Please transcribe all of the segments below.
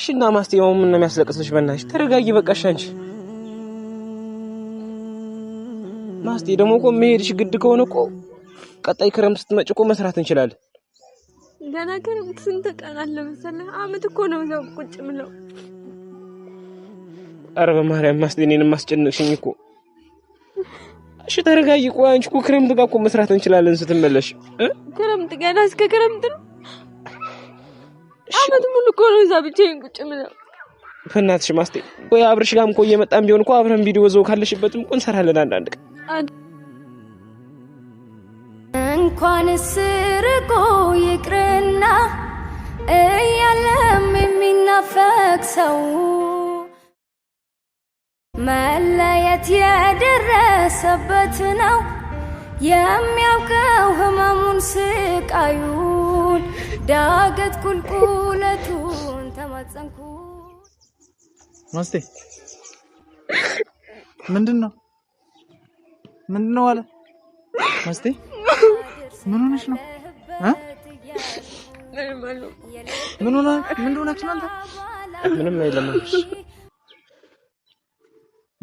እሺ እና ማስቴማው ምን ነው የሚያስለቅስሽ? በእናትሽ ተረጋጊ፣ በቃሽ። አንቺ ማስቴ ደግሞ እኮ መሄድሽ ግድ ከሆነ እኮ ቀጣይ ክረምት ስትመጪ እኮ መስራት እንችላለን። ገና ክረምት ስንት ቀን አለ መሰለህ? አመት እኮ ነው እዛው ቁጭ ምለው። ኧረ በማርያም ማስቴ እኔን ማስጨነቅሽኝ እኮ። እሺ ተረጋጊ። ቆይ አንቺ እኮ ክረምት ጋር እኮ መስራት እንችላለን ስትመለሽ። ክረምት ገና እስከ ክረምት ነው አመት ሙሉ እኮ ነው እዛ ብቻዬን ቁጭ ምለው። ከእናትሽ ማስቴ ወይ አብርሽ ጋርም እኮ እየመጣን ቢሆን እኮ አብረን ቪዲዮ ዘው ካለሽበትም እኮ እንሰራለን አንዳንድ ቀን እንኳን ስርቆ ይቅርና እያለም የሚናፈቅ ሰው መለየት የደረሰበት ነው የሚያውቀው ህመሙን ስቃዩ ቁልቁል ዳገት ቁልቁለቱን ተማጸንኩ። ማስቴ ምንድን ነው ምንድን ነው አለ ማስቴ ምን ሆነሽ ነው? ምን ሆነ ምን ነው አንተ? ምንም የለም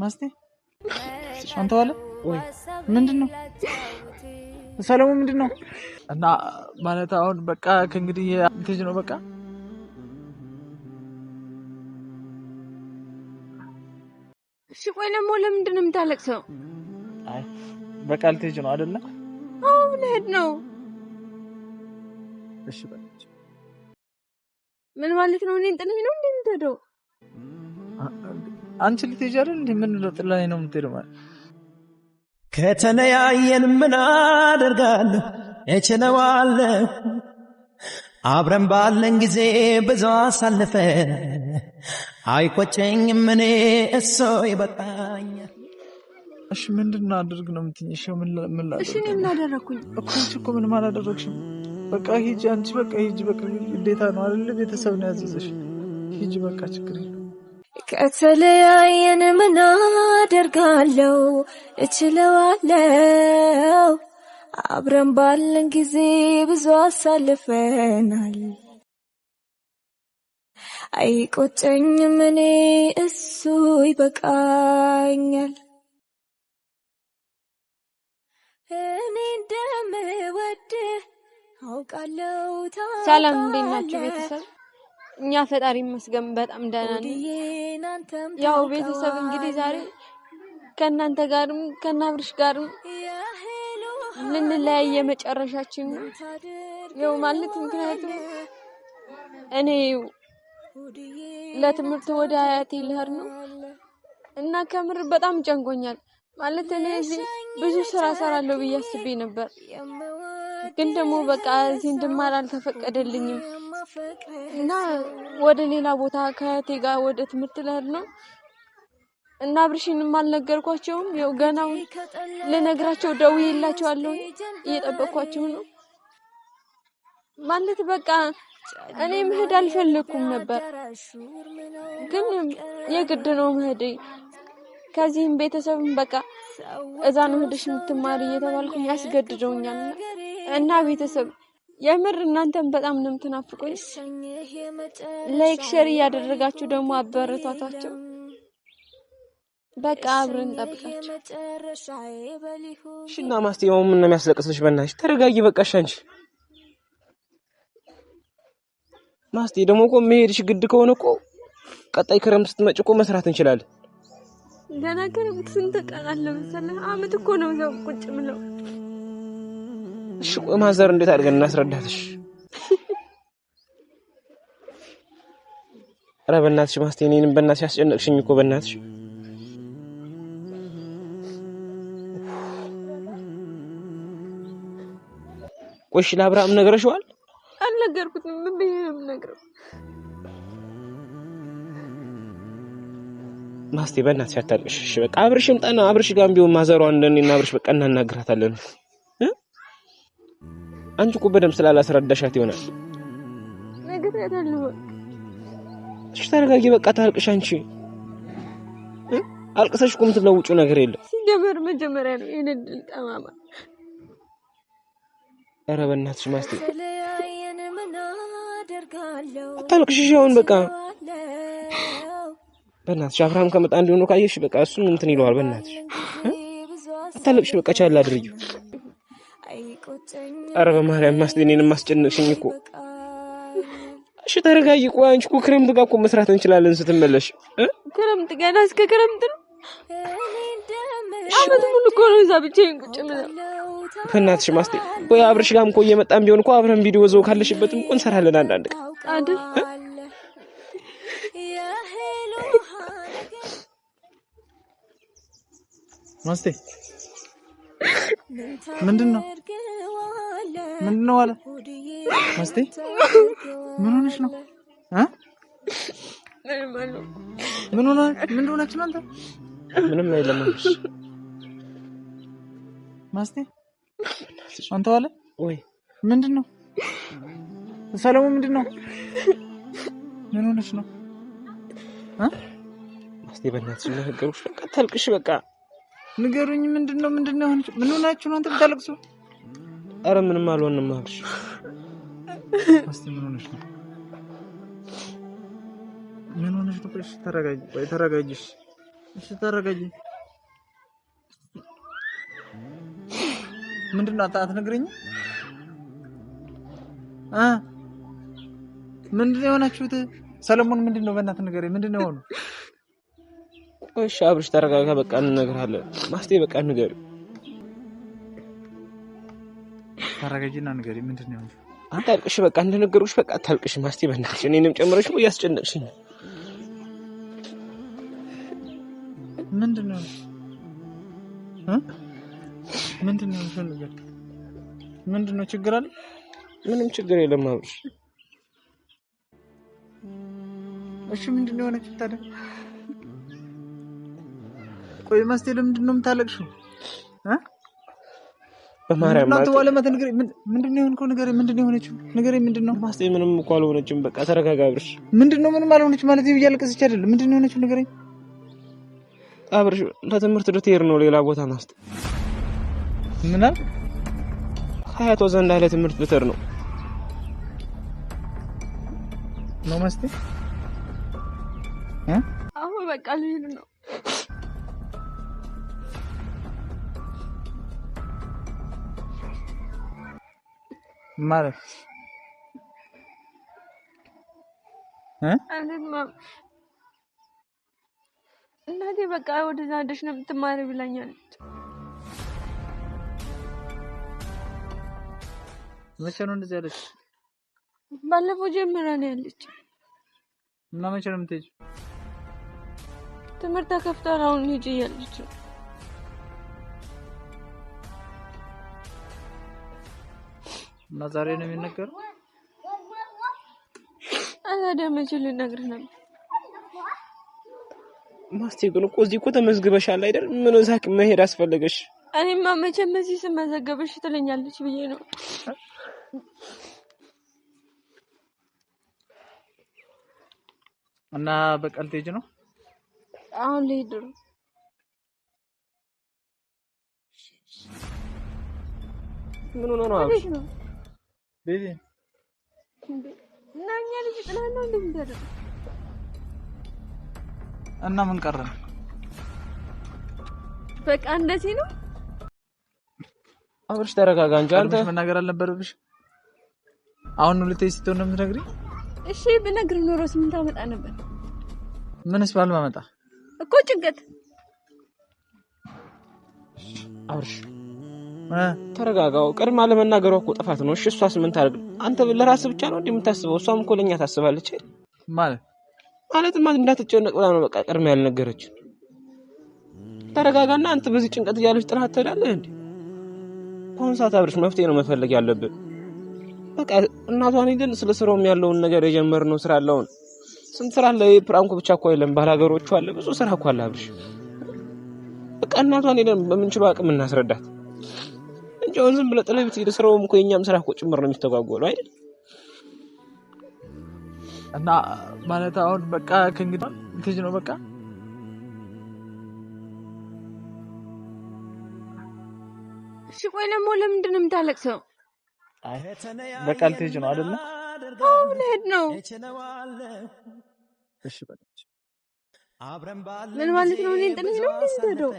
ማስቴ አንተ አለ ወይ ምንድን ነው ሰለሞን ምንድን ነው እና ማለት አሁን በቃ ከእንግዲህ ልጅ ነው በቃ እሺ ቆይ ደግሞ ለምንድን ነው የምታለቅሰው በቃ ልትሄጂ ነው አይደለ አዎ ልሄድ ነው እሺ ምን ማለት ነው እኔን ጥለኝ ነው እንዴ አንቺ ልትሄጂ አይደል እንዴ ምን ነው ጥላኝ ነው የምትሄደው ማለት ከተለያየን ምን አደርጋለሁ እችለዋለሁ አብረን ባለን ጊዜ ብዙ አሳልፈ አይቆጨኝ ምኔ እሶ ይበቃኛል። እሺ ምንድን አድርግ ነው የምትይኝ? እሺ ምን አደረግኩኝ እኮ? እኮ ምንም አላደረግሽም። በቃ ሂጂ አንቺ በቃ ሂጂ። በቃ ግዴታ ነው አይደለ? ቤተሰብ ነው ያዘዘሽ። ሂጂ በቃ ችግር የለም ከተለያየን ምን አደርጋለው? እችለዋለው። አብረን ባለን ጊዜ ብዙ አሳልፈናል። አይቆጨኝም እኔ እሱ ይበቃኛል። እኔ እንደምወድ ሰላም እንዴት ናችሁ ቤተሰብ? እኛ ፈጣሪ ይመስገን በጣም ደህና ነን። ያው ቤተሰብ እንግዲህ ዛሬ ከእናንተ ጋርም ከናብርሽ ጋርም ልንለያየ የመጨረሻችን ነው። ያው ማለት ምክንያቱም እኔ ለትምህርት ወደ አያቴ ልሄድ ነው እና ከምር በጣም ጨንቆኛል። ማለት እኔ እዚህ ብዙ ስራ ሰራለሁ ብዬ አስቤ ነበር፣ ግን ደግሞ በቃ እዚህ እንድማር አልተፈቀደልኝም። እና ወደ ሌላ ቦታ ከእህቴ ጋር ወደ ትምህርት ልሄድ ነው እና አብርሽንም አልነገርኳቸውም። ያው ገና ልነግራቸው ደውዬላቸዋለሁ። እየጠበቅኳቸው ነው ማለት በቃ እኔ መሄድ አልፈለኩም ነበር፣ ግን የግድ ነው መሄድ። ከዚህም ቤተሰብም በቃ እዛ ነው ሄደሽ የምትማሪ እየተባልኩኝ ያስገድደውኛል እና ቤተሰብ የምር እናንተም በጣም ነው የምትናፍቁኝ። ላይክ ሼር እያደረጋችሁ ደግሞ አበረታቷቸው። በቃ አብረን እንጠብቃቸው። እሺና ማስቴማው ምን ነው የሚያስለቅስሽ? በእናትሽ ተረጋጊ። በቃ እሺ። ማስቴ ደግሞ እኮ መሄድሽ ግድ ከሆነ እኮ ቀጣይ ክረምት ስትመጪ እኮ መስራት እንችላለን። ገና ክረምት ስንት ቀን አለ መሰለህ? አመት እኮ ነው ዘው ቁጭ ምለው ማዘር እንዴት አድርገን እናስረዳትሽ? ኧረ በእናትሽ ማስቴ እኔንም በእናትሽ ያስጨነቅሽኝ እኮ በእናትሽ ቆሽ ለአብርሃም ነግረሽዋል? አልነገርኩትም። ምን ብዬ ነው የምነግረው? ማስቴ በእናትሽ አታልቅሽ። በቃ አብርሽም ጠና አብርሽ ጋር ቢሆን ማዘሯ እንደኔና አብርሽ በቃ እናናግራታለን። አንቺ እኮ በደምብ ስላላስረዳሻት ይሆናል። እሺ ተረጋጊ፣ በቃ ታልቅሽ። አንቺ አልቅሰሽ እኮ የምትለውጪው ነገር የለም። ሲጀመር መጀመሪያ ነው ይሄን እድል ጠማማ። ኧረ በእናትሽ ማስቴ አታልቅሽ። እሺ አሁን በቃ በእናትሽ አብርሃም ከመጣ እንዲሆነ ካየሽ በቃ እሱም እንትን ይለዋል። በእናትሽ አታልቅሽ፣ በቃ ቻላ አድርጊው። ኧረ በማርያም ማስደኔን ማስጨነቅሽኝ እኮ። እሺ ተረጋጊ። ቆይ አንቺ እኮ ክረምት ጋር እኮ መስራት እንችላለን። ስትመለሽ ክረምት ገና እስከ ክረምት ነው። አመት ሙሉ እኮ ነው እዛ ብቻዬን ቁጭ ምናምን። በእናትሽ ማስቴ፣ ቆይ አብርሽ ጋርም እኮ እየመጣም ቢሆን እኮ አብረን ቪዲዮ ዘው ካለሽበትም እኮ እንሰራለን አንዳንድ ቀን አይደል ማስቴ ምንድን ነው? ምንድን ነው አለ መስቴ። ምን ሆነሽ ነው? ምን ሆነች ነው አንተ? ምንም የለም መስቴ። አንተ አለ ወይ ምንድን ነው ሰለሞን? ምንድን ነው? ምን ሆነች ነው መስቴ? በእናትሽ ነገሮች ታልቅሽ። በቃ ንገሩኝ። ምንድን ነው ምንድን ነው? ምን ሆናችሁ ነው አንተ ብታለቅሰው አረ ምንም አልሆንም። አብሽ አስቲ ምን ሆነሽ ነው? ምን ሆነሽ ነው? እሺ ተረጋጊ፣ ወይ ተረጋጊ። እሺ ተረጋጊ። ምንድን ነው አትነግረኝም? አ ምንድን ነው የሆናችሁት? ሰለሞን ምንድን ነው? በእናትህ ንገረኝ፣ ምንድን ነው የሆነው? እሺ አብርሽ ተረጋጋ፣ በቃ እንነግርሃለን። ማስቴ በቃ ንገረኝ ታረጋጅና ንገሪ፣ ምንድን ነው? አታልቅሽ፣ በቃ እንደነገርኩሽ፣ በቃ አታልቅሽ። ማስቴ በእናትሽ እኔንም ጨምረሽ ነው እያስጨነቅሽኝ። ምንድን ነው ምንድን ነው ነገር? ምንድን ነው ችግር አለ? ምንም ችግር የለም አብርሽ። እሺ፣ ምንድን ነው የሆነችው ታዲያ? ቆይ ማስቴ፣ ለምንድን ነው የምታለቅሽው? በማርያም እናንተ ዋለማት ነገር ምንድን ነው የሆንከው? ነገር ምንድን ነው የሆነችው? ነገር ምንድን ነው ማስጤ? ምንም እኮ አልሆነችም። በቃ ተረጋጋ አብርሽ። ምንድን ነው ምንም አልሆነች ማለት ይሄ እያለቀሰች አይደለም። ምንድን ነው የሆነችው? ነገር አብርሽ ለትምህርት ልትሄድ ነው ሌላ ቦታ ማስጤ። ምን አልክ? ሀያቷ ዘንድ ልትሄድ ነው ነው ማስጤ። አሁን በቃ ልሄድ ነው ¿Eh? ማለት እናቴ በቃ ወደዛ ደሽ ነው የምትማሪ ብላኛለች። መቼ ነው እንደዚህ ያለች? ባለፈው ጀምራ ነው ያለች እና መቼ ነው የምትሄጂው? ትምህርት ተከፍቷል አሁን ሂጂ እያለች ነው እና ዛሬ ነው የሚነገረው። አላደመችም። ልነግርህ ነበር። ማስቴ ግን እኮ እዚህ እኮ ተመዝግበሻል አይደል? ምን እዛ መሄድ አስፈለገሽ? እኔማ መቼም እዚህ ስመዘገብሽ ትለኛለች ብዬ ነው። እና በቀል ትሄጂ ነው? አሁን ልሄድ ነው። ምን ሆነ ነው? ቤቢ እና እኛ ልጅ ጥላህ ነው እንደዚህ እና ምን ቀረን? በቃ እንደዚህ ነው። አብርሽ ተረጋጋ እንጂ አንተ መናገር አልነበረብሽ። አሁን ነው ልትይ ስትሆን ነው የምትነግሪኝ? እሺ ብነግር ኖሮ ምን ታመጣ ነበር? ምንስ ባልማመጣ እኮ ጭንቀት አብርሽ ተረጋጋው። ቀድማ ለመናገሯ እኮ ጥፋት ነው። እሺ እሷስ ምን ታደርግ? አንተ ለራስህ ብቻ ነው የምታስበው እሷም እኮ ለእኛ ታስባለች። ማለት ማለት እንዳትጨነቅ ብላ ነው በቃ ቀድማ ያልነገረች። ተረጋጋና አንተ በዚህ ጭንቀት እያለች ጥላት ትሄዳለህ እንዴ? በአሁኑ ሰዓት አብርሽ መፍትሄ ነው መፈለግ ያለብን። በቃ እናቷን ሄደን ስለ ስራውም ያለውን ነገር የጀመርነው ስራ አለውን ስንት ስራ አለ። ፕራንኮ ብቻ እኮ አይደለም፣ ባላገሮቹ አለ፣ ብዙ ስራ እኮ አለ አብርሽ። በቃ እናቷን ሄደን በምንችለው አቅም እናስረዳት። እንጂ አሁን ዝም ብለ ጥለህ ቤት የተሰራውም እኮ የኛም ስራ እኮ ጭምር ነው የሚስተጓጎሉ አይደል? እና ማለት አሁን በቃ ከእንግዲህ ትጅ ነው በቃ እሺ ቆይ ደግሞ ለምንድን ነው የምታለቅሰው? በቃ ልትሄጂ ነው አይደለ? አዎ ልሄድ ነው። ምን ማለት ነው? እኔን ጥለሽ ነው የምትሄደው?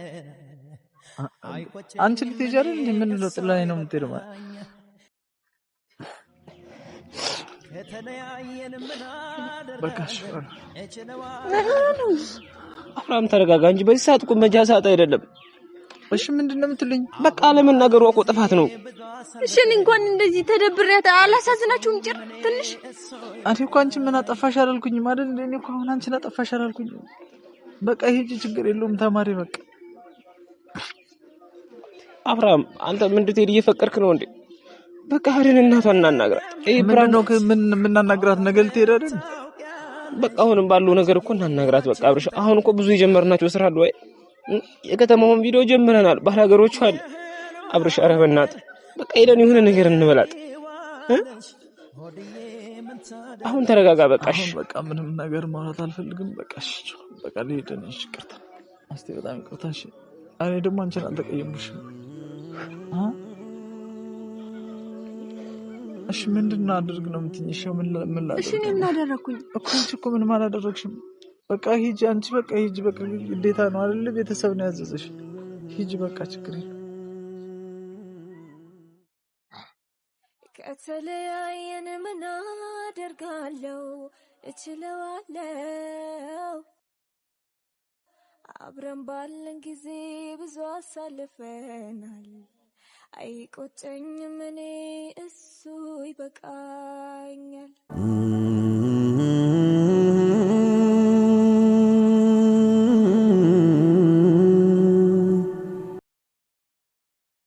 አንቺ ልትሄጂ አይደል? የምንለው ጥላ ላይ ነው የምትሄደው ማለት አብርሃም ተረጋጋ እንጂ በዚህ ሰዓት እኮ መጃ ሰዓት አይደለም። እሺ ምንድን ነው የምትልኝ? በቃ አለመናገሯ እኮ ጥፋት ነው። እሺ እኔ እንኳን እንደዚህ ተደብሬ አላሳዝናችሁም ጭር ትንሽ እኔ እኮ አንቺን ምን አጠፋሽ አላልኩኝም አይደል? እኔ እኮ አሁን አንቺን አጠፋሽ አላልኩኝም። በቃ ይሄ ችግር የለውም ተማሪ በቃ አብርሃም አንተ ምንድን ትሄድ እየፈቀድክ ነው እንዴ? በቃ ሄደን እናቷ እናናግራት። ይሄ ብራን ምን የምናናግራት ነገር ልትሄድ አይደል? በቃ አሁንም ባለው ነገር እኮ እናናግራት። በቃ አብርሽ፣ አሁን እኮ ብዙ የጀመርናቸው ስራ አለ ወይ የከተማውን ቪዲዮ ጀምረናል። ባህል ባላገሮቹ አለ አብርሽ፣ ኧረ በእናትህ በቃ ሄደን የሆነ ነገር እንበላት። አሁን ተረጋጋ። በቃሽ፣ በቃ ምንም ነገር ማውራት አልፈልግም። በቃሽ፣ በቃ ልሄድ ነው። ይቅርታ፣ አስቴ፣ በጣም ይቅርታ። እኔ ደግሞ አንቺን አልተቀየምኩሽም። እሺ ምንድን አድርግ ነው የምትይኝ? እሺ ምን ላደርግ? እሺ ምን አደረኩኝ እኮ? አንቺ እኮ ምንም አላደረግሽም። በቃ ሂጂ አንቺ በቃ ሂጂ። በቃ ግዴታ ነው አይደል? ቤተሰብ ነው ያዘዘሽ። ሂጂ በቃ ችግር የለም። ከተለያየን ምን አደርጋለሁ? እችለዋለሁ አብረን ባለን ጊዜ ብዙ አሳልፈናል። አይቆጨኝም እኔ እሱ ይበቃኛል።